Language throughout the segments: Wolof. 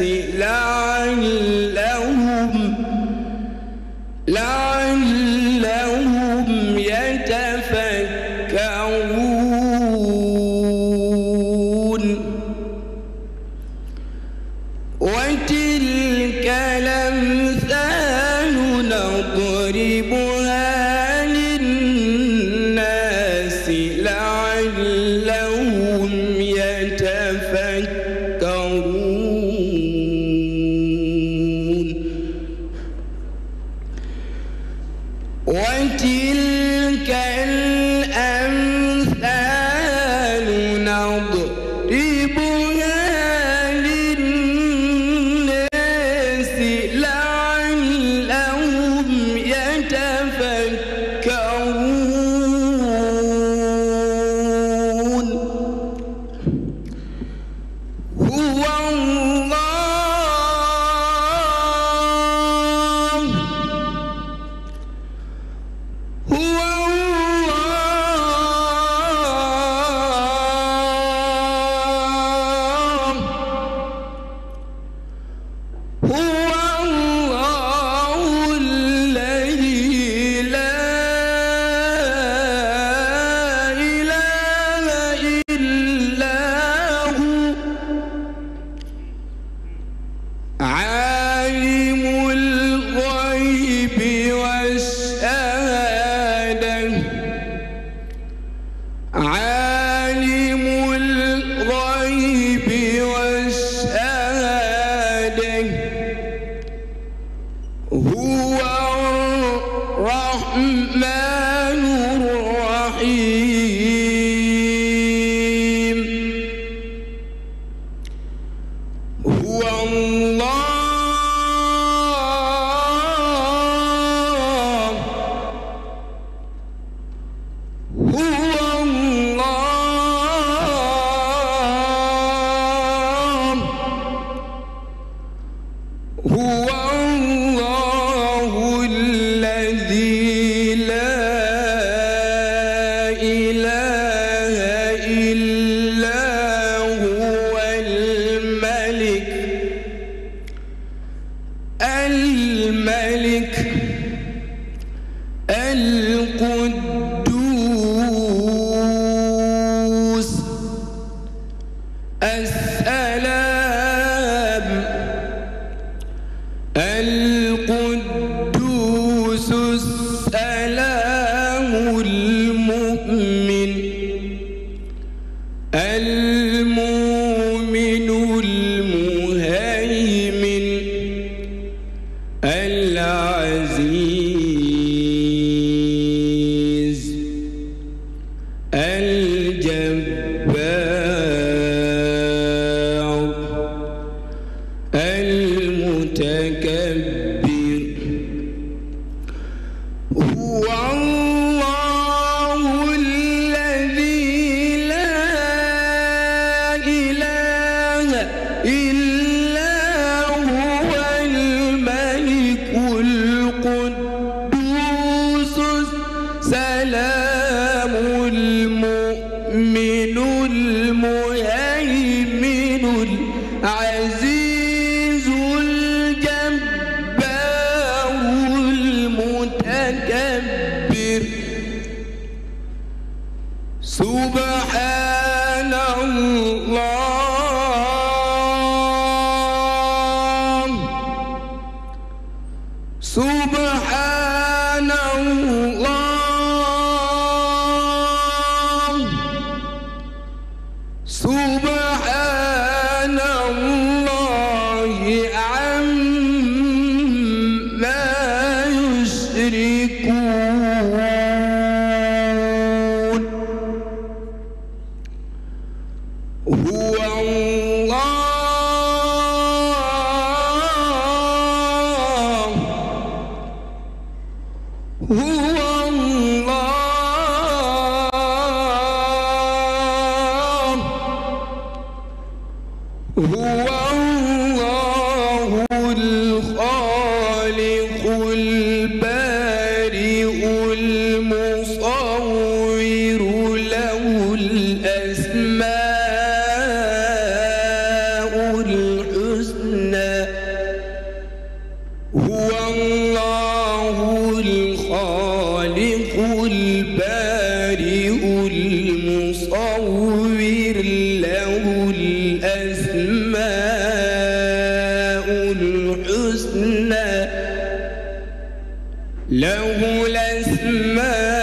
الناس لا bu الرحمن السلام subhanallah هو له الأسماء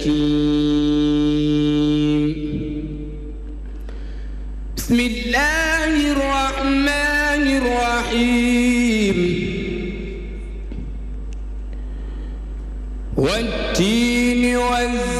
حكيم بسم الله الرحمن الرحيم والتين والزيت